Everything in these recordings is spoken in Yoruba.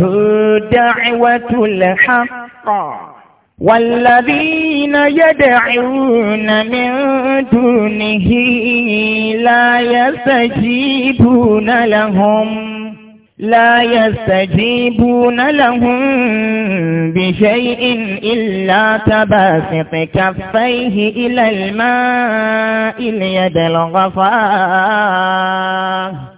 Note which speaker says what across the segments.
Speaker 1: هو دعوة الحق والذين يدعون من دونه لا يستجيبون لهم لا يستجيبون لهم بشيء إلا تباسط كفيه إلى الماء ليدلغ فاه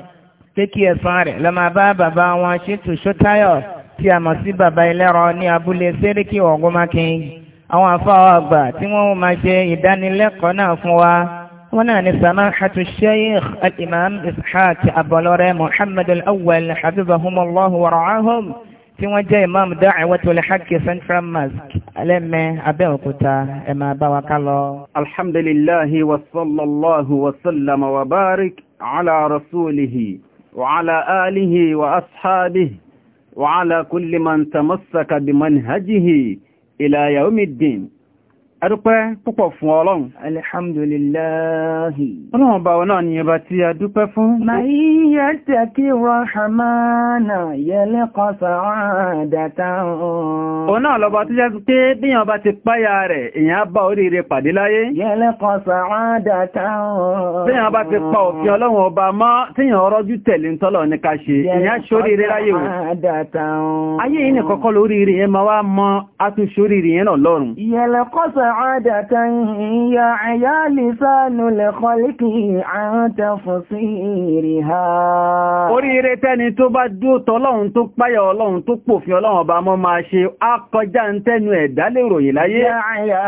Speaker 1: pé kí ẹ̀san rẹ̀ lọ máa bá bàbá wọn ṣètò ṣótáyọ̀ tí a mọ̀ sí bàbá ẹlẹ́rọ ní abúlé sẹ́ríkì ọ̀gọ́mákin àwọn afáwọ̀ àgbà tí wọ́n máa ṣe ìdánilẹ́kọ̀ọ́ náà fún wa wọ́n náà ní samahatu sheikh al-imam ishaq abọlọ́rẹ́ muhammad al-awwal habibahumullahu wa ra'ahum tí wọ́n jẹ́ imam da'watul haqq central mosque alẹ́mẹ́ abẹ́òkúta ẹ máa bá wa ká lọ.
Speaker 2: alhamdulillahi wa sallallahu wa sallama wa barik ala rasulihi. وعلى آله وأصحابه وعلى كل من تمسك بمنهجه إلى يوم الدين adúpẹ́ púpọ̀ fún ọlọ́run. alhamdulillahi. ọlọ́run bá wọn náà ni ọba tí a dúpẹ́ fún. ma yíyẹ tẹ́kí
Speaker 1: rọ́ṣàmánà yẹlẹ́ kan sàádàtà ọ̀hún.
Speaker 2: òun náà tó jẹ́ pé bíyàn bá ti páyà rẹ̀ èèyàn bá oríire pàdé láyé. yẹlẹ́ kan
Speaker 1: sàádàtà
Speaker 2: ọ̀hún. bíyàn bá ti pa òfin ọlọ́run ọba
Speaker 1: mọ́ سعادة يا عيا لسان الخلق عن تفسيرها
Speaker 2: oríire tẹ́ni tó bá dúó tọ́lọ́run tó páyà ọlọ́run tó pòfin ọlọ́run ọba mọ́ máa ṣe akọjá ń tẹ́nu ẹ̀dá lè ròyìn láyé يا
Speaker 1: عيا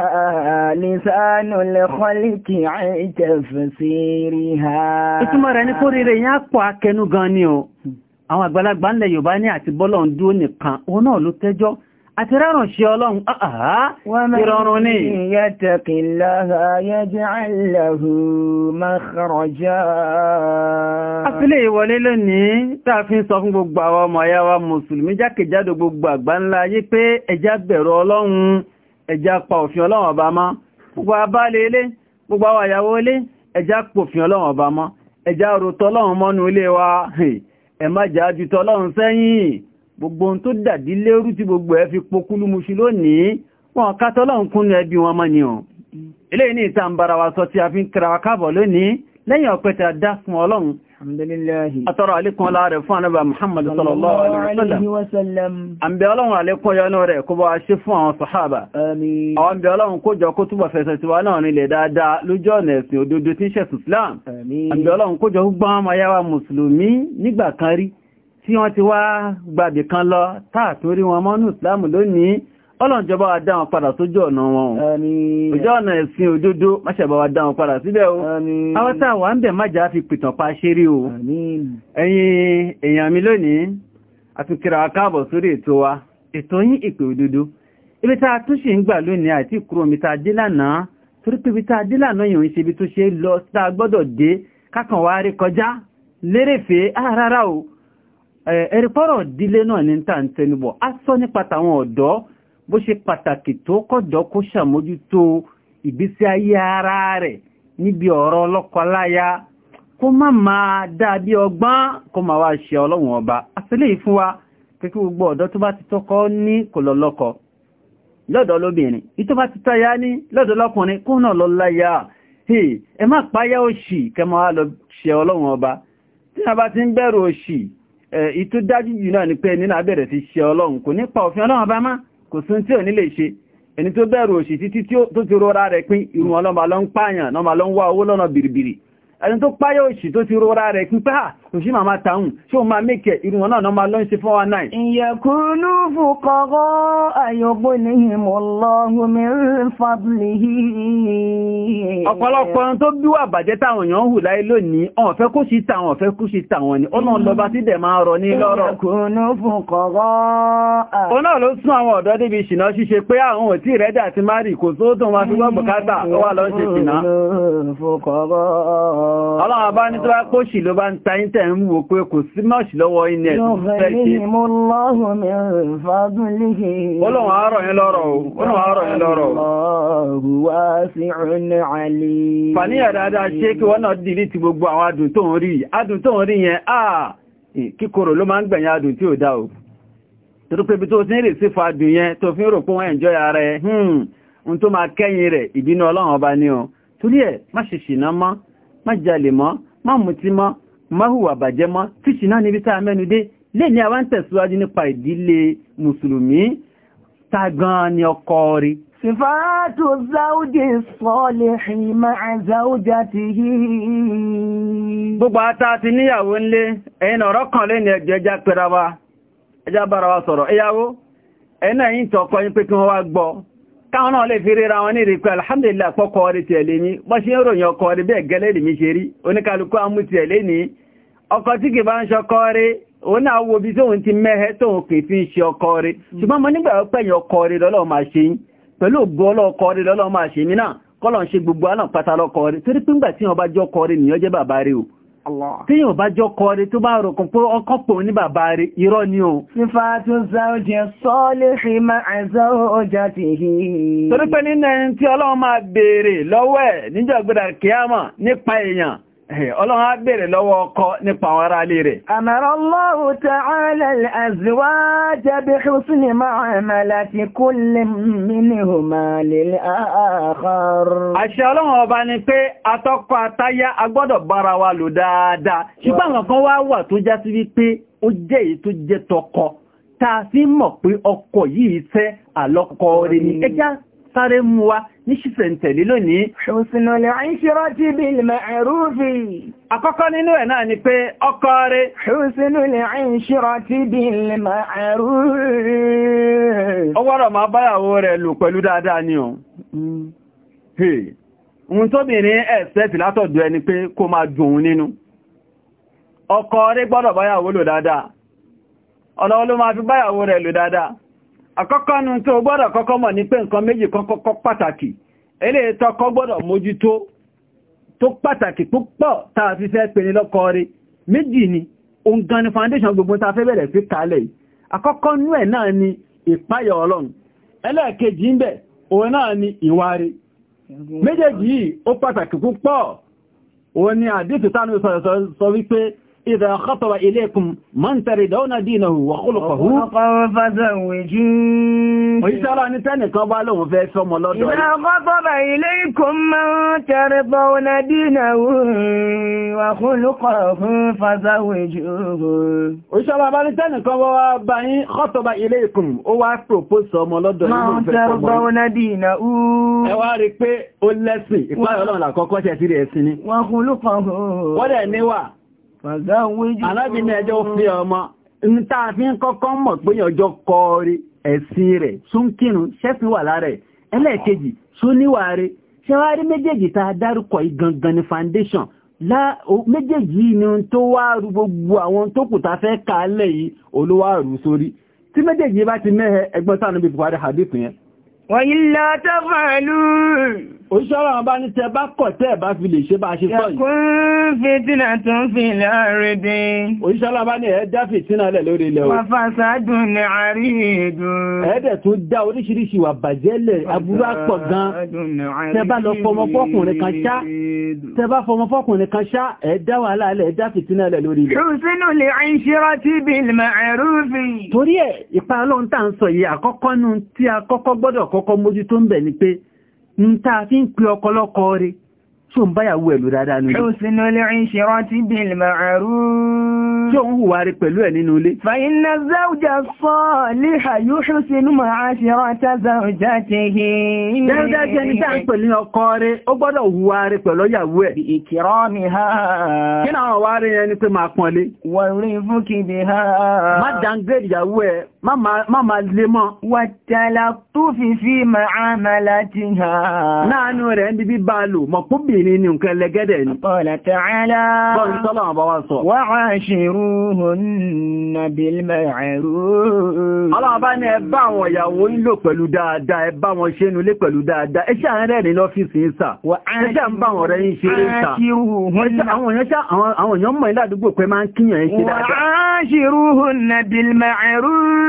Speaker 1: لسان الخلق عن تفسيرها ìtumọ̀ rẹ̀ ní
Speaker 2: kóríire gan ni o àwọn àgbàlagbà ńlẹ̀ Yorùbá ní àti bọ́lọ̀ ń dúó nìkan òun náà ló àti rárùn ṣe ọlọ́run àà ah, ah, ìrọ̀rùn ní
Speaker 1: yattaqillaha yaj'al lahu makhraja
Speaker 2: afílẹ̀ ìwọlé lónìí tààfin sọ fún gbogbo àwọn ọmọ ayá wa mùsùlùmí jákèjádò gbogbo àgbà ńlá ayé pé ẹjá bẹ̀rù ọlọ́run ẹjá pa òfin ọlọ́run ọba mọ́ gbogbo ohun tó dàdí lérú tí gbogbo ẹ fi pokúlú muṣu lónìí wọn ká tọ́lọ́run kún ní ẹbí wọn mọ́ ni ọ̀ eléyìí ní ìta ń bara wa sọ tí a fi ń kira wa káàbọ̀ lónìí lẹ́yìn ọ̀pẹ́ a dá fún ọlọ́run àtọrọ àlékún ọlá rẹ̀ fún anábà muhammadu sallallahu alaihi wasallam àmbẹ̀ ọlọ́run àlékún yọnú rẹ̀ kó bá ṣe fún àwọn sọ̀hábà àwọn àmbẹ̀ ọlọ́run tí wọ́n ti wá gbàbì kan lọ táàtúrí wọn mọ́nú ìsìláàmù lónìí ọlọ́njọba wa dáwọn padà sójú ọ̀nà wọn òjò ọ̀nà ẹ̀sìn òdodo máṣẹ̀bá wa dáwọn padà síbẹ̀ o àwọn wà ń bẹ̀ májà fi pìtàn pa ṣeré o ẹ̀yin èèyàn mi lónìí àtúnkìrà káàbọ̀ sórí ètò wa ètò yín ìpè òdodo ibi tá a tún ṣe ń gbà lónìí àti ìkúrò mi tá a dé lánàá torí pé ibi tá a dé lánàá yìí ṣe ibi tó ṣe lọ tá a gbọ́dọ̀ dé kákan wá rí kọjá lérèfé ah, rárá o Eh, ẹ̀rí pọ́rọ̀ dílé náà ní tà ń tẹnubọ̀ a sọ nípa tàwọn ọ̀dọ́ bó ṣe pàtàkì tó kọ́dọ̀ kó ṣàmójútó ìgbésí ayé ara rẹ̀ níbi ọ̀rọ̀ ọlọ́kọláya kó má máa dàbí ọgbọ́n kó máa wá ṣe ọlọ́run ọba àtìlẹ́ ìfún wa kékí gbogbo ọ̀dọ́ tó bá ti tọ́kọ ní kò lọ lọ́dọ̀ lóbìnrin ìtọ́ bá ti táyá ní lọ́dọ̀ lọ́kùnrin kó náà lọ láyá ẹ má páyá òṣì kẹ́ máa lọ ṣe ọlọ́run ọba tí a bá ti ń bẹ̀rù òṣì Eh, ìtú dájú yìí náà ni pé ẹni ṣe ọlọ́run kò nípa òfin ọlọ́run bá má kò sún tí ò ní ṣe ẹni tó bẹ̀rù òṣì títí tó ti rẹ̀ pín ìrùn ọlọ́mà lọ ń pààyàn lọ ń wá òṣì màmá tàún ṣe o máa mẹ́kẹ̀ irun wọn náà máa lọ́yìn sí 419. ìyẹ̀kúnú fòkọ̀rọ̀
Speaker 1: àyọ̀gbó níhìn ọlọ́run mẹ́rin fàbílì ọ̀pọ̀lọpọ̀
Speaker 2: tó bíwà bàjẹ́ táwọn èèyàn hù láyé lónìí ọ̀n fẹ́ kó sí tàwọn ọ̀fẹ́ kó sí tàwọn ni ọ̀nà lọba tí dẹ̀ máa rọ ní lọ́rọ̀ tó tó wà lọ́ tẹ̀ ń wò pé kò sí mọ́ṣì lọ́wọ́ iná ẹ̀ tó fẹ́ ṣe.
Speaker 1: Ọlọ́run àárọ̀ yẹn lọ́rọ̀ o. Ọlọ́run àárọ̀ yẹn lọ́rọ̀ o.
Speaker 2: Fàníyà dáadáa ṣé kí wọ́n náà dìrí ti gbogbo àwọn adùn tó ń rí. Adùn tó ń rí yẹn, ah, kíkorò ló máa ń gbẹ̀yìn adùn tí ò dá o. Torí tó ti ń rè sí fa adùn yẹn tó fi ń rò pé ẹ̀njọ́ ara ẹ̀, hmm, tó máa kẹ́yìn rẹ̀ ìbínú Ọlọ́run ọba ni o. Torí ẹ̀ má ṣe ṣìnà mọ́, má jalè mọ́, má mutí mọ́, máhùwà bàjẹ́ mọ́ tíṣì náà níbi tá a mẹ́nu lè ní àwọn tẹ̀síwájú nípa ìdílé mùsùlùmí tagan ni ọkọ rí
Speaker 1: sifáàtò záújẹ́ sọ́lẹ̀ ìmá àzáújá ti yí
Speaker 2: gbogbo ata ti níyàwó nlé ẹ̀yìn ọ̀rọ̀ kan lè ní ẹjọ́ ẹjá wa ẹjá bára wa sọ̀rọ̀ ẹyàwó ẹ̀yìn náà yìí tọ́kọ yín pé kí wọ́n wá gbọ́ káwọn náà lè fi ríra wọn ní rí alhamdulillah pọ́kọ rí tẹ̀lé mi bọ́ ṣe ń ròyìn ọkọ rí bẹ́ẹ̀ gẹ́lẹ́ lè mi ṣe rí oníkálukú amú tẹ̀lé ní ọkọ tí kì bá ń ṣọkọ rí òun náà wo bí tóun ti mẹ́hẹ́ tóun kì fi ń ṣe ọkọ rí ṣùgbọ́n mo nígbà pẹ̀yìn ọkọ rí lọ́lọ́ máa nínú ẹni tí ọlọ́run máa béèrè lọ́wọ́ ẹ̀ níjọ́ gbọ́dọ̀ kíámà nípa èèyàn Ọlọ́run á bèèrè lọ́wọ́ ọkọ nípa àwọn ará ilé rẹ̀. Amara
Speaker 1: Allahu ta'ala al-azwaja bi husni mu'amalati kullin minhuma lil-akhar.
Speaker 2: Àṣẹ Ọlọ́run ọba ni pé atọ́kọ atáyá agbọ́dọ̀ bára wa lò dáadáa. Ṣùgbọ́n àwọn kan wá wà tó já sí wípé ó jẹ́ èyí tó jẹ́ tọkọ. Ta fi mọ̀ pé ọkọ yìí fẹ́ àlọ́kọ rẹ̀ ni. Ẹjá sáré mú wa. ní ṣísẹ̀ntẹ̀lé lónìí. Husnul 'ishrati bil ma'rufi. Àkọ́kọ́ nínú ẹ̀ náà ni pé ọkọ rẹ̀. Husnul
Speaker 1: 'ishrati bil ma'rufi.
Speaker 2: Ó wọ́rọ̀ ma báyàwó rẹ̀ lò pẹ̀lú dáadáa ni o. Mm. Ohun tóbìnrin ẹ̀sẹ̀tì ẹni pé kó máa dùn nínú. Ọkọ rẹ̀ gbọ́dọ̀ báyàwó lò dáadáa. Ọlọ́wọ́ ló máa fi báyàwó rẹ̀ lò dada. àkọ́kọ́ nu ó gbọ́dọ̀ kọ́kọ́ mọ̀ ní pé nǹkan méjì kọ́kọ́ pàtàkì eléyìí tó kọ́ gbọ́dọ̀ mójútó tó pàtàkì púpọ̀ tá a fi fẹ́ pè ní lọ́kọ rí méjì ni òun ni foundation gbogbo tá a fẹ́ bẹ̀rẹ̀ sí kalẹ̀ àkọ́kọ́ ni ọlọ́run إذا خطر إليكم من تردون دينه وخلقه ويسأل أن تانك بالهم في اسم الله إذا
Speaker 1: خطر إليكم من تردون
Speaker 2: دينه وخلقه فزوجوه ويسأل أن تانك بالهم خطر إليكم هو أفروبوس ọmọ lọ́dọ̀ من تردون دينه ẹ wá rí pé ó lẹ́sìn ìpáyọ̀ ọlọ́run àkọ́kọ́ ṣẹ̀ sí rẹ̀ sí ni wọ́n kún lókàn alábìnrin ẹjọ́ fi ọmọ ń táa fi ń kọ́kọ́ mọ̀ pé ọjọ́ kọrí ẹ̀sìn rẹ̀ súnkírun ṣẹ́fì wà lára ẹ̀ ẹlẹ́ẹ̀kejì súníwàárí ṣẹwárí méjèèjì tá a dárúkọ ni tó wá rú gbogbo àwọn tó kù tá a fẹ́ kàálẹ̀ yìí olówó àrùn sórí tí méjèèjì bá ti mẹ́hẹ ẹgbọ́n sáà níbi buhari hadith yẹn وَإِلَّا تَفْعَلُوا Òṣìṣọ́rọ̀ àwọn bá ní tẹ bá kọ̀ tẹ́ bá fi lè ṣe bá ṣe fọ́ yìí. Yàkún fìtínà tó ń fi láàrin dín. Òṣìṣọ́rọ̀ bá ní ẹ̀ẹ́dá fìtínà lẹ̀ lórí ilẹ̀ òun. Fàfàṣádùn ní àríyìndùn. Ẹ̀ẹ́dẹ̀ tó dá oríṣiríṣi wà bàjẹ́lẹ̀ aburú àpọ̀ gan.
Speaker 1: Tẹ bá lọ fọmọ fọ́kùnrin kan ṣá.
Speaker 2: Tẹ bá fọmọ fọ́kùnrin kan ṣá ẹ̀ẹ́dá wàhálà lẹ̀ ẹ̀ẹ́dá fìtínà lẹ̀ lórí ilẹ̀ kọ́kọ́ mójútó ń bẹ̀ ni pé ń ta fi ń pe ọkọlọ́kọ rẹ̀ tí ó ń báyàwó ẹ̀lú dáadáa nílé. Ṣùsùn olè ń ṣe rántí bí ìlmàrú. Tí òun hùwà rí pẹ̀lú ẹ̀ nínú ilé.
Speaker 1: Fàyínà záújà sọ lè àyú ṣùsùn máa ṣe rántá záújà ti hì. Dáadáa jẹ́
Speaker 2: ha. Kí náà wà rí yẹn ni pé máa pọ̀nlé. Wọ̀rí fún kìbi má ma lè mọ́. wàtàlà tó fi fi máa máa láti ha. láàánú rẹ̀ ń bíbí bá lò mọ̀ kúbìnrin ní nǹkan lẹ́gẹ́dẹ̀ ni. ọ̀là tààlà. bọ́n tọ́lọ̀ ọba wa sọ. wà á ṣe rúhùn nàbí mẹ́rù. ọlọ́ọ̀bá ni ẹ bá àwọn ìyàwó ń lò pẹ̀lú dáadáa ẹ bá wọn ṣe nulẹ̀ pẹ̀lú dáadáa ẹ ṣe àárẹ̀ ní lọ́fíìsì ń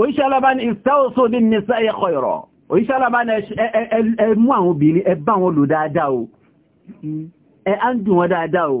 Speaker 2: oníṣẹ́ alábá ní ìsáòsò ní nìsá ẹ̀kọ́ ìrọ̀ oníṣẹ́ alábá ní ẹmú àwọn obìnrin ẹ bá wọn lò dáadáa o ẹ á ń dùn wọn dáadáa o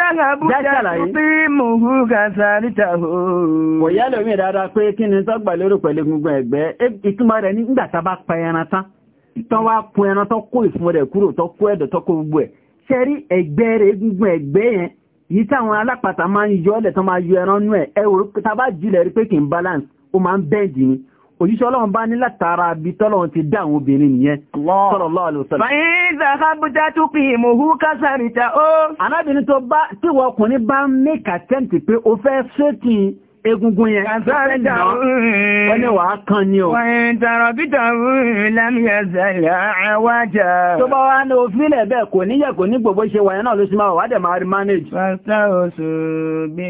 Speaker 2: dákàlàbú jàdúbí mùhú kàtàrítàhó. Kò yá lómi dáadáa pé kí ni tọ́gbà lérò pẹ̀lú egungun ẹ̀gbẹ́, ìtumọ̀ rẹ̀ nígbà tá bá pa ẹran tán, tán wá po ẹran tán kó ìfun rẹ̀ kúrò tán kó ẹ̀dọ̀ tán kó gbogbo ẹ̀. Ṣẹ́rí ẹ̀gbẹ́ rẹ̀ egungun yẹn, yìí táwọn alápàtà máa balance, ó máa ń bẹ́ẹ̀dì òjíṣẹ́ ọlọ́run bá ní látara bí tọ́lọ́run ti dá àwọn obìnrin nìyẹn sallallahu alaihi wasallam.
Speaker 1: fàyín ìzàká bùjá tún fi ìmùhú
Speaker 2: egungun yẹn. Àtàrí dàrú. Wọ́n ní wàá kan ni o.
Speaker 1: Wọ́n tàrọ̀ bí dàrú
Speaker 2: lámìyà zàlẹ̀ àwájà. Tó bá wá ní òfin ẹ̀ bẹ́ẹ̀ kò níyẹ̀ kò ní gbogbo ṣe wọ̀nyẹn náà ló ṣe máa wà dẹ̀ máa rí manage. Pásítà oṣù bí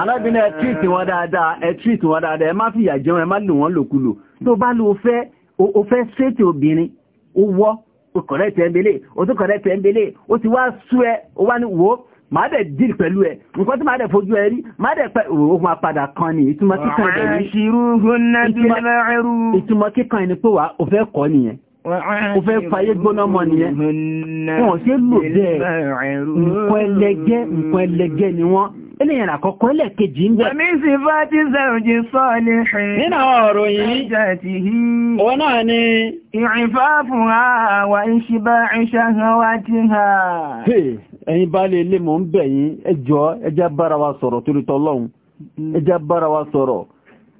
Speaker 2: Alábìnrin ẹ treat wọn dáadáa, ẹ treat wọn dáadáa, ẹ má fìyà jẹun, ẹ má lù wọ́n lòkulò. Tó bá lo fẹ́, o fẹ́ ṣètì obìnrin, ó wọ́, o kọ̀rẹ́ tẹ̀ ń belé, o tún kọ̀rẹ́ tẹ̀ ń belé, ti wá sú ẹ, o wá ní wò ó. ma dẹ̀ dìl pẹ̀lú ẹ̀ nǹkan tí dẹ̀ fojú ẹ rí dẹ̀ pẹ̀ òògùn apadà kan ni ìtumọ̀ kíkan ẹni pé wà ó fẹ́ kọ́ nìyẹn ó fẹ́ fayé gbóná mọ́ nìyẹn ni eléyàn àkọ́kọ́ ẹlẹ́kejì ń bẹ̀. Wàmí
Speaker 1: sí bá ti Nínà ọ̀rọ̀ yìí, náà ni. Ìrìnfà fún
Speaker 2: ẹ̀yin baálé ilé mò ń bẹ̀ yín ẹ jọ̀ọ́ ẹ jẹ́ bára wa sọ̀rọ̀ torí tọlọ́hun ẹ jẹ́ bára wa sọ̀rọ̀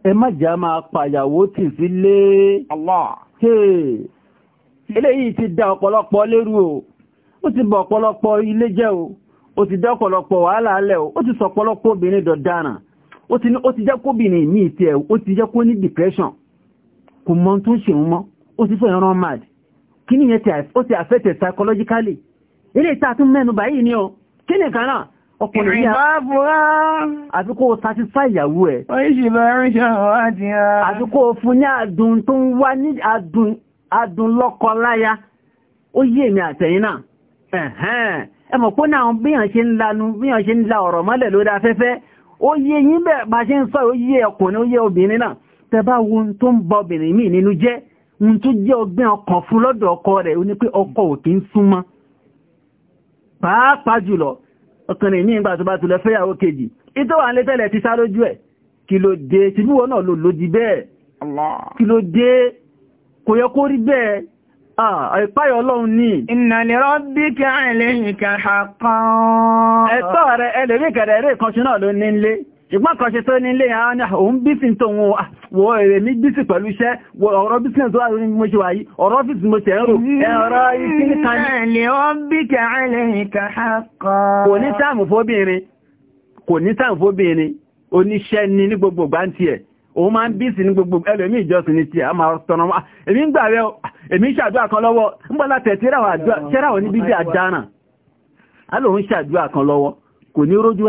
Speaker 2: ẹ má jà máa pàyàwó tì sílé eléyìí ti dá ọ̀pọ̀lọpọ̀ lérú o ó ti bọ̀ ọ̀pọ̀lọpọ̀ ilé jẹ́ o ó ti dá ọ̀pọ̀lọpọ̀ wàhálà alẹ́ o ó ti sọ ọ̀pọ̀lọpọ̀ obìnrin dọ̀daràn ó ti jẹ́ kóbìnrin ní ìtẹ́ ó ti jẹ́ kó ní depression kò mọ tó ń ṣe mọ́ ó ti fẹ́ ẹran mad kí ni yẹn ti affected psychologically ilé ìtàtún mẹ́nubà yìí ni ó kí ní kan náà ọkùnrin yá àfikò satisfá ìyàwó ẹ̀ àfikò fún ní adùn tó ń wá ní adùn lọ́kọ láya ó yí èmì àtẹ̀yìn náà ẹmọ̀ pọ́ náà bíyàn ṣe ń lanu bíyàn ṣe ń la ọ̀rọ̀ mọ́lẹ̀ se afẹ́fẹ́ ó yé yín bẹ́ẹ̀ bá ṣe ń sọ ó yé ọkùnrin ó yé obìnrin náà tẹbá wo tó ń bọ obìnrin míì nínú jẹ́ ohun tó jẹ́ ọkọ rẹ̀ ó ọkọ ń súnmọ́ pàápàá jùlọ ọkùnrin ní ìgbà tó bá tulẹ̀ fẹ́yàwó kejì ìtọ́ wà létẹ́lẹ̀ ti sá lójú ẹ̀ kí ló dé ti bí wọ́n náà lò lójí bẹ́ẹ̀ kí ló dé kò yẹ kó rí bẹ́ẹ̀ àìpáyọ̀ ọlọ́run ní inna li rabbika alayka haqqan ẹ̀tọ́ rẹ̀ ẹlẹ́rí kẹrẹ̀ ṣùgbọ́n kan ṣe tó nílé àwọn ah, òun bísí tó wọn wọ ah, èrè ní bísí pẹ̀lú iṣẹ́ ọ̀rọ̀ business wà ní mo wáyí ọ̀rọ̀ mo tẹ̀ ń rò ẹ̀rọ ìkíníkan ní ní ni òun máa gbogbo ẹlòmí ìjọsìn ní a máa ah, èmi ń gbà rẹ èmi ń kan lọ́wọ́ kan lọ́wọ́ kò ní rójú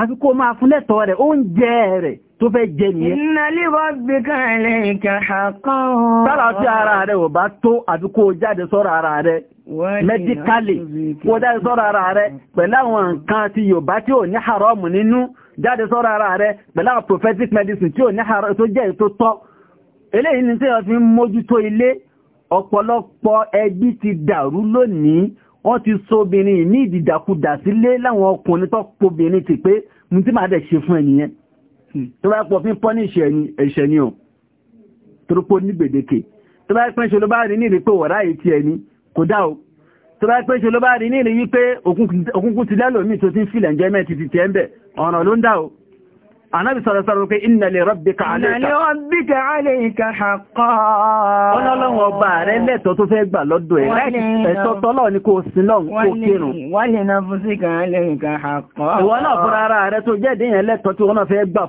Speaker 2: àfi maa máa fún lẹ́tọ̀ rẹ̀ oúnjẹ rẹ̀ tó fẹ́ jẹ nìyẹn. Inna li rabbika alayka haqqan. Sára tí ara rẹ̀ ò bá tó àfi kó jáde sọ́rọ̀ ara rẹ̀ mẹ́díkálì kó jáde sọ́rọ̀ ara rẹ̀ pẹ̀lú àwọn nǹkan wọ́n ti so obìnrin ní ìdìdàkudà sílé láwọn ọkùnrin tó pobìnrin ti pé mú tí máa dẹ̀ ṣe fún ẹnìyẹn tó bá pọ̀ fín pọ́ní ẹ̀ṣẹ̀ ni ọ̀ torípò ní gbèdéke tó bá pẹ́ ṣe ló bá rí ní ìrí pé wọ̀rá yìí ti ẹni kò dá o tó bá pẹ́ ṣe bá rí ní ìrí Ànábì sọ̀rọ̀ sọ̀rọ̀ pé inna li rabbika alayka. Inna li
Speaker 1: rabbika alayka haqqan. Wọ́n lọ́wọ́ ọba
Speaker 2: rẹ̀ lẹ́tọ̀ọ́ tó fẹ́ gbà lọ́dọ̀ ẹ̀. Ẹ̀tọ́ tọ́lọ̀ ni kò sí lọ́n kò kírun. Wa li nafsika alayka haqqan. Ìwọ náà fúnra ara rẹ̀ tó jẹ́ ìdíyàn lẹ́tọ̀ọ́ tí wọ́n náà fẹ́ ẹ̀tọ́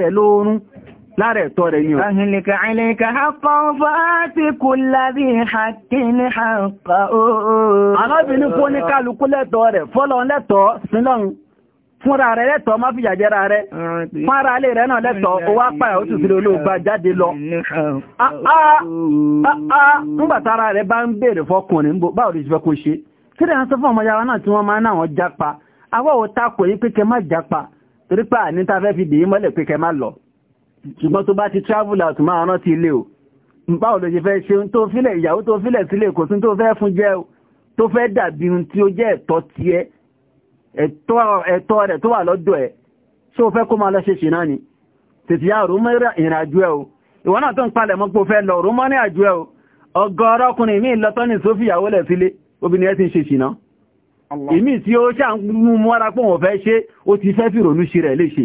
Speaker 2: rẹ̀ lórun. lára ẹ̀tọ́ rẹ̀ ni o. Àhìlìkà
Speaker 1: àìlìkà hapọ̀ fàátì kú lábí hàkí ní
Speaker 2: ooo. Arábìnrin fún ní kálukú lẹ́tọ́ rẹ̀, fọ́lọ́ lẹ́tọ́ sílọ́n fúnra rẹ̀ má fi jàjẹ́ra rẹ̀. Fára alẹ́ rẹ̀ náà lẹ́tọ́, ó wá pàyà ó olóògbà jáde lọ. Ah, ah, ah, Nígbàtára rẹ̀ bá ń bèèrè fọkùnrin báwo lè fẹ́ kó ṣe. Kí ni a sọ fún ọmọ yàrá náà tí wọ́n máa ń jápa? Àwọ̀ ò takò yí pé kẹ má ṣùgbọ́n tó bá ti travel out máa rántí ilé o báwo ló ṣe fẹ́ ṣe tó fílẹ̀ ìyàwó tó fílẹ̀ sílé kò sí tó fẹ́ fún jẹ́ o tó fẹ́ dàbí ohun tí ó jẹ́ ẹ̀tọ́ tiẹ̀ ẹ̀tọ́ rẹ̀ tó wà lọ́dọ̀ ẹ̀ ṣé o fẹ́ kó máa lọ ṣe ṣìnà ni tètè yá rò mọ́ ìrìn àjò ẹ̀ o ìwọ náà tó ń palẹ̀ mọ́ pé o fẹ́ lọ rò mọ́ ní àjò ẹ̀ o ọgọ́rọ́ ọkùnrin mi lọ́tọ́ ní sófì ìyàwó lẹ̀ sílé obìnrin ẹ̀ ti ń ṣe ṣìnà ìmí tí ó ṣàǹmú mọ́ra pé òun fẹ́ ṣe ó ti fẹ́ fìrònú ṣe rẹ̀ léṣe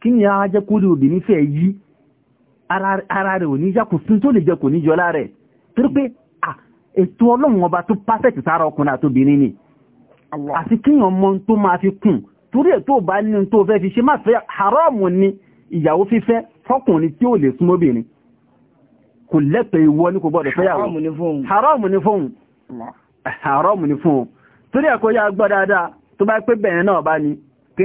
Speaker 2: kí ni a jẹ́ kó lè obìnrin fẹ́ yí ara rẹ̀ ò yá kò sí tó lè jẹ kò ní jọlá rẹ̀ torí pé ètò ọlọ́run ọba tó pásẹ̀tì sára ọkùnrin àtòbìnrin ni àti kíyàn mọ tó máa fi kùn torí ẹ̀ tó bá ní tó fẹ́ fi ṣe má fẹ́ haramu ni ìyàwó fífẹ́ fọkùnrin tí ó lè súnmọ́ obìnrin kò lẹ́tọ̀ọ́ ìwọ ní kò gbọ́dọ̀ fẹ́yàwó haramu ni fóun haramu eh, ni fóun torí ẹ̀ kó yá gbọ́ dáadáa tó bá pé bẹ̀rẹ̀ náà bá ní kí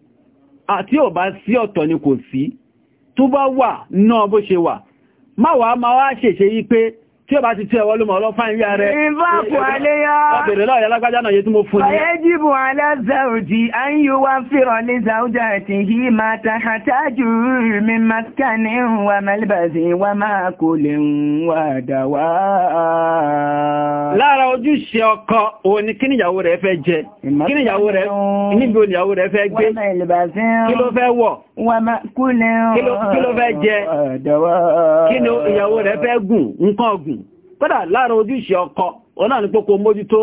Speaker 2: àti ò bá sí ọ̀tọ̀ ni kò sí tó bá wà náà bó ṣe wà má wàá máa wá ṣèṣe yí pé tí ó bá ti tí ẹwọ́ ló mọ̀ ọlọ́ fáìn rí ààrẹ ìbáàkù aléyá ọbẹ̀rẹ̀ lọ́ọ̀yà lágbájá náà yé tí mo fún ní
Speaker 1: ọ̀yẹ́jìbò aláàzáòjì ayíwá fírọ̀ lè záújà ti hí máa tàhátájú mi maskani wa malibasi wa máa kò lè wà dáwà
Speaker 2: lára ojúṣe ọkọ òní kí níyàwó rẹ̀ fẹ́ jẹ kí níyàwó rẹ̀ níbi oníyàwó rẹ̀ fẹ́ gbé kí ló fẹ́ wọ̀
Speaker 1: kí ló fẹ́
Speaker 2: jẹ kí ni ìyàwó rẹ̀ fẹ́ gùn nǹkan ọ̀gùn kódà láàrin ojúṣe ọkọ ọ̀nà ní pọ́kọ mójútó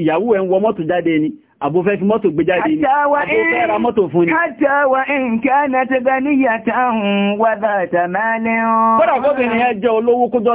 Speaker 2: ìyàwó ẹ̀ ń wọ mọ́tò jáde ni àbò fẹ́ fi mọ́tò gbé jáde ni àbò fẹ́ ra mọ́tò fún ni.
Speaker 1: wa nǹkan náà ti gbẹ́ níyàtà ń wá bàtà máa lẹ́hàn.
Speaker 2: kódà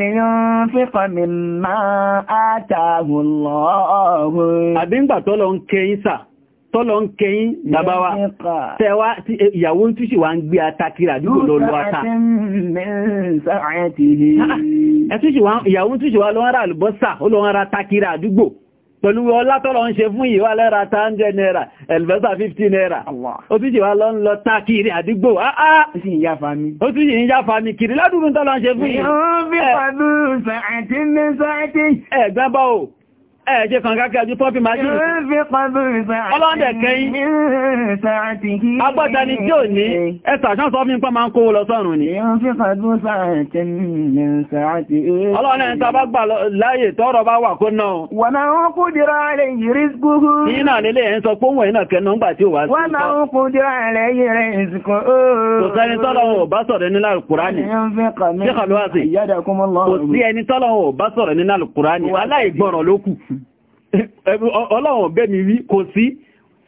Speaker 2: liyunfiqa mimma ataahu Allah. Àbí ń gbà tọ́lọ ń kẹyìn sà, tọ́lọ ń kẹyìn bàbá wa, tẹwa tí ìyàwó ń túṣì wá ń gbé ata kiri àdúgbò lọ lọ Ìyàwó ń túṣì wá lọ́wọ́ra pẹ̀lú ọlátọ́lọ ń ṣe fún ìwà lẹ́ra tàǹjẹ́ naira ẹ̀lùbẹ́sà 50 naira ó tún jẹ́ wá lọ ń lọ tá kiri àdúgbò àá ó tún jẹ́ ń yá fami kiri ládùrún ń ṣe fún ìwà ẹ̀ẹ́jẹ́ kan kákẹ́ ojú tó fi máa jù ọlọ́dẹ̀ kẹ́yìn agbọ́ta ni tí ò ní ẹsà ṣán sọ fún pọ́ máa ń kówó lọ sọ́run ni ọlọ́dẹ̀ ta gbà tọ́rọ bá wà kó náà kò sí ẹni ọlọ́run bẹ́ẹ̀ mi rí kò sí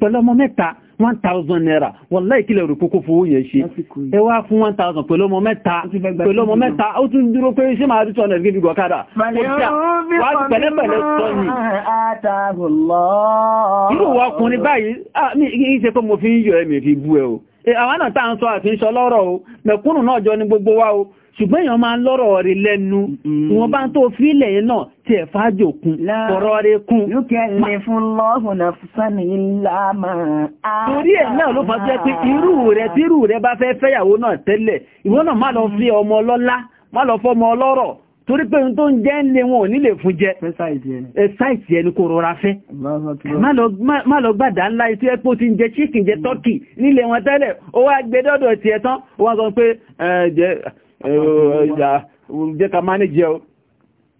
Speaker 2: pẹ̀lú ọmọ mẹ́ta 1000 naira wallahi ìkílẹ̀ òrùkókó fowó yẹn ṣe ẹ wá fún 1000 pẹ̀lú ọmọ mẹ́ta pẹ̀lú ọmọ mẹ́ta ó tún dúró pé ṣé máa rí 200 gíbi gọ̀kádà wá ti pẹ̀lẹ́pẹ̀lẹ́ sọ ni
Speaker 1: irú wa ọkùnrin báyìí
Speaker 2: ìṣe pé mo fi ń yọ ẹ̀mì fi bú ẹ o àwọn náà tá à ń sọ ṣùgbọ́n èèyàn máa ń lọ́rọ̀ rẹ̀ lẹ́nu wọn bá ń tó fílẹ̀ yẹn náà tí ẹ̀ fájò kún ọ̀rọ̀ rẹ̀ kún. yókè lè fún lọ́hùn náà sani ńlá máa. torí ẹ̀ náà ló fàájú ẹ pé irú rẹ̀ tí irú rẹ̀ bá fẹ́ fẹ́yàwó náà tẹ́lẹ̀ ìwọ náà má lọ fi ọmọ ọlọ́lá má lọ fọmọ ọlọ́rọ̀ torí pé ohun tó ń jẹ́ ń lé wọn ò nílè fún jẹ ṣáìsì ẹni kò rọra fẹ́ má lọ gbàdá ńlá etí ẹpọ́ ti ń jẹ chicken jẹ turkey nílé wọn tẹ́lẹ̀ ó wá tiẹ̀ tán ó sọ pé Eh, um, jẹ́ ka o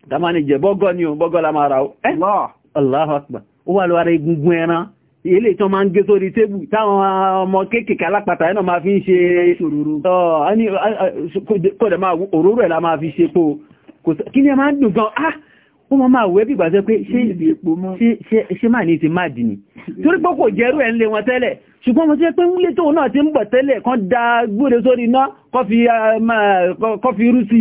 Speaker 2: ka máa ní jẹ́ bọ́gọ́ ni o bọ́gọ́ la máa o ẹ́ eh? Allahu Akbar ó wà lọ́wọ́ egungun ẹran ilé ìtàn máa ń gé sórí tébù táwọn ọmọ kéèkèé alápàtà ẹ̀nà máa fi ń ṣe kódẹ̀ máa òróró ẹ̀ máa fi ṣe po kí ni ẹ máa ń dùn gan ah ó mọ́ máa wé bí ìgbà tó pé ṣe máa ní ti máa dì ní torí pé kò jẹ́rú ẹ̀ ń lé wọn tẹ́lẹ̀ ṣùgbọ́n mo ti pé ń lé tóun náà ti ń bọ̀ tẹ́lẹ̀ kan da gbóde sórí iná kọfí eh, irú sí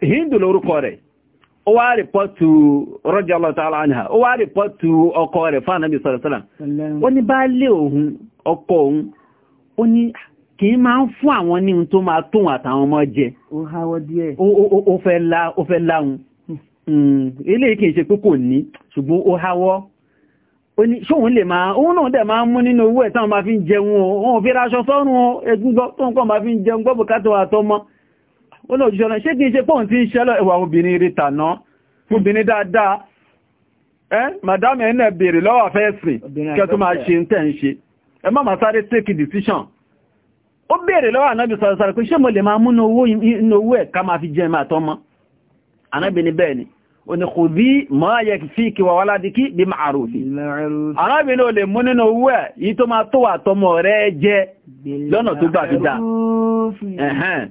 Speaker 2: hindu lórúkọ rẹ̀ ó wá rìpọ́tù radiyallahu ta'ala anha ó wá rìpọ́tù ọkọ rẹ̀ fún ànábì sallallahu alaihi wasallam ó ní bá lé òun ọkọ òun ó ní kì í máa ń fún àwọn ní ohun tó máa tóun àtàwọn ọmọ jẹ ó fẹ́ láhun ilé hmm. kì í ṣe pé kò ní ṣùgbọ́n ó háwọ́ ṣóhun lè máa òun náà dẹ̀ máa ń mú nínú owó ẹ̀ táwọn máa fi ń jẹun o wọn fi raṣọ sọ́run o egúngọ́ tó kọ́ máa fi ń jẹun gbọ́bùkátọ̀ àtọmọ́ olóòjíṣẹ́ ọ̀nà ṣé kí n ṣe pọ́n tí ń ṣẹ́lọ ẹwà obìnrin rí tàná obìnrin dáadáa ẹ́ madame ẹ̀nà bèèrè lọ́wọ́ àfẹ́ẹ̀sìn kẹtù máa ṣe ń tẹ́ ń ṣe ẹ má máa sáré take decision ó bèèrè lọ́wọ́ ànábì sọ̀rọ̀sọ̀rọ̀ pé ṣé mo lè máa mú inú owó ẹ̀ ká máa fi jẹun máa tọ́mọ́ ànábì ni bẹ́ẹ̀ ni ó ní kò bí mọ́ ayẹ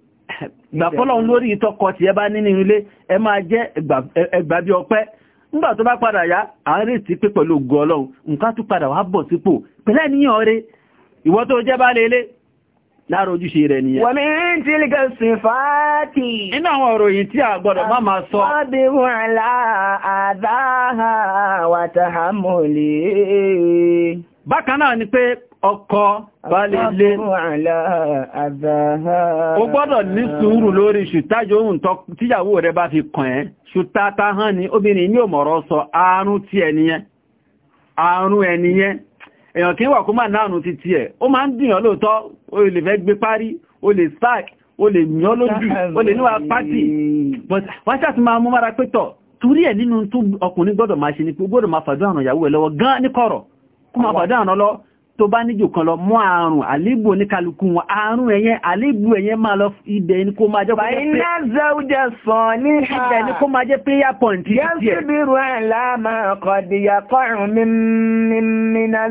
Speaker 2: gbàfọ́lọ́hun lórí ìtọ́kọ tí ẹ bá nínú ilé ẹ máa jẹ́ ẹgbà bí ọpẹ́ nígbà tó bá padà yá à ń retí pé pẹ̀lú ògo ọlọ́run nǹkan padà wá bọ̀ sípò pẹ̀lẹ́ níyàn rẹ ìwọ tó jẹ́ bá lélé láàrọ̀ ojúṣe rẹ̀ nìyẹn. wọ́n ní tí lè àwọn a gbọ́dọ̀ má máa sọ.
Speaker 1: àdáhà bákan náà ni pé ọkọ balẹ̀ ilé o gbọ́dọ̀
Speaker 2: ní sùúrù lórí ṣùtájò ohun tíyàwó rẹ bá fi kàn ẹ́ ṣùtátá hàn ní obìnrin ní òmọ̀rọ̀ sọ ààrùn ti ẹniyẹn ààrùn ẹniyẹn èèyàn kí wà kó máa ti tiẹ̀ ó máa ń dìyàn o lè fẹ́ gbé parí o lè o lè o lè níwà pátì wọ́n máa mú mára torí ẹ̀ nínú tó ọkùnrin gbọ́dọ̀ máa ṣe ni pé gan ní kọ̀rọ̀ kó máa tó bá níjò kan lọ mọ́ àrùn àlébù oníkàlùkù wọn àrùn ẹ̀yẹn àlébù ẹ̀yẹn máa lọ ibẹ̀ ní kó máa jẹ́ pé iná zẹ́ọ̀jẹ̀ sàn ní ibẹ̀ ní kó máa jẹ́ pé yà pọ̀n tí tiẹ̀. yẹ́sì bí ru ẹ̀
Speaker 1: láàmà kọ̀dìyà kọ́rùn mímíná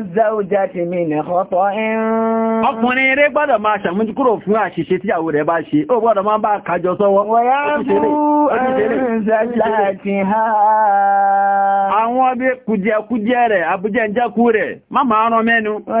Speaker 2: ní ọ̀pọ̀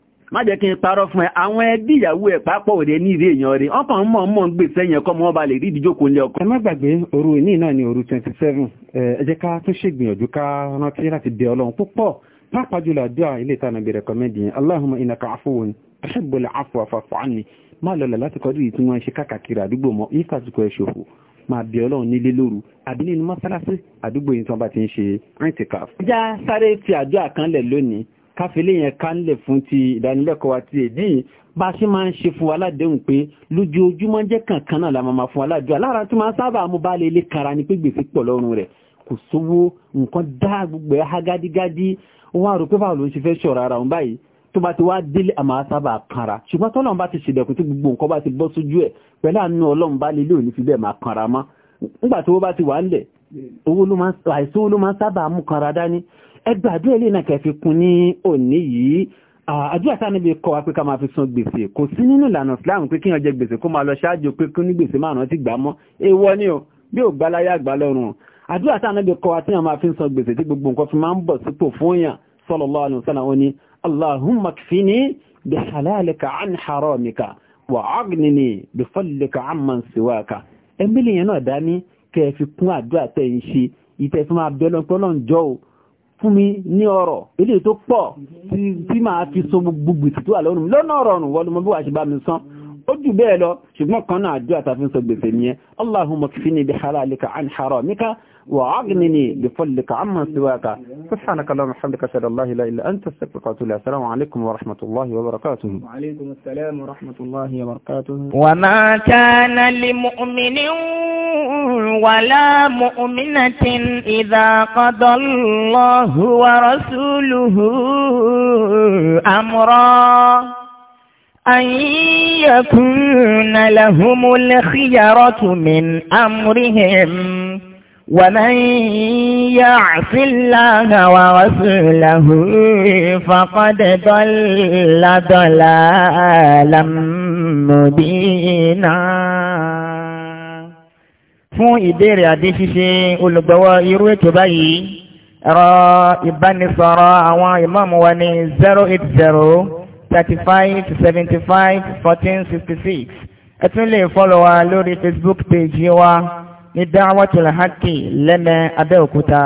Speaker 2: má jẹ́ kí n parọ́ fún ẹ àwọn ẹbí ìyàwó ẹ̀ pápọ̀ òde ní ìrí èèyàn rẹ̀ wọ́n kàn mọ̀ mọ̀ ń gbèsè yẹn kọ́ mọ́ ba lè rí ìdíjókòó ilé ọkọ. ẹ má gbàgbé òru òní náà ni òru twenty seven ẹ jẹ́ ká tún ṣègbìyànjú ká rántí láti bẹ ọlọ́run púpọ̀ pàápàá jùlọ àdúrà ilé ìtàn àbí rẹ̀kọ́mẹ́dì yẹn Allahumma innaka afuwun tuhibbul afwa fa'fu anni má lọlẹ̀ láti kọjú ìtún wọn ṣe káàkiri àdúgbò mọ́ yíká àsìkò ẹ̀ ṣòfò máa bí ọlọ́run nílé lóru àbí nínú mọ́sálásí àdúgbò yìí tí wọ́n bá ti ń ṣe rìntìkà. já sáré ti àdúrà kan lẹ̀ lónìí káfílẹ̀ yẹn kánlẹ̀ fún ti ìdánilẹ́kọ̀ọ́ àti èdè yìí bá ṣe máa ń ṣe fún aládéhùn pé lójoojúmọ́ jẹ́ kankan náà la máa fún aládùn alára tí máa sábà mú bá lélẹ̀ kara ni pé gbèsè pọ̀ lọ́rùn rẹ̀ kò sówó nǹkan dá gbogbo ẹ̀ há gádígádí wọn àrò pé báwo ló ń ṣe fẹ́ ṣọ̀rọ̀ ara òun báyìí tó bá ti wá délé àmà sábà kanra ṣùgbọ́n tọ́lọ́run bá ti ṣèdẹ̀kùn tí gbogbo nǹkan bá ti bọ́ sójú ẹ̀ pẹ̀lú àánú ọlọ́run ẹgbàdúrà ilé náà kẹfì kún ní òní yìí àdúrà sáà níbi kọ́ wa pé ká máa fi san gbèsè kò sí nínú ìlànà Islam pé kíyàn jẹ gbèsè kó máa lọ ṣáájú pé kún ní gbèsè márùn ti gbà mọ́ èèwọ̀ ni o bí ò gbáláyé àgbà lọ́rùn àdúrà sáà níbi kọ́ wa tí yàn máa fi san gbèsè tí gbogbo nǹkan fi máa ń bọ̀ sípò fún yàn sallallahu alaihi wasallam ó ní fún mi ní ọ̀rọ̀ ilé tó pọ̀ tí máa fi so gbogbo ìtìtò àlọ́run lọ́nà ọ̀rọ̀ ọ̀run wọ́n ló mọ́ bí wà ṣe bá mi san ó jù bẹ́ẹ̀ lọ ṣùgbọ́n kan náà àjọ àtàfin sọ gbèsè nìyẹn Allahumma kfini bi halalika an haramika وعغنني بفضلك عما سواك سبحانك اللهم وبحمدك اشهد ان لا اله الا انت استغفرك واتوب اليك السلام عليكم ورحمه الله وبركاته
Speaker 1: وعليكم السلام ورحمه الله
Speaker 2: وبركاته
Speaker 1: وما كان لمؤمن ولا مؤمنة إذا قضى الله ورسوله أمرا أن يكون لهم الخيرة من أمرهم ومن يعص الله ورسوله فقد ضل ضلالا مبينا fún ìbéèrè àdé ṣíṣe olùgbọ́wọ́ irú ètò báyìí ẹ̀rọ ìbánisọ̀rọ̀ àwọn ìmáàmù wa ní 080 35 75 14 66 ẹ lè fọ́lọ̀ wa lórí Facebook page wa ní dáwọ́tò làhákì lẹ́mẹ̀ Abẹ́òkúta.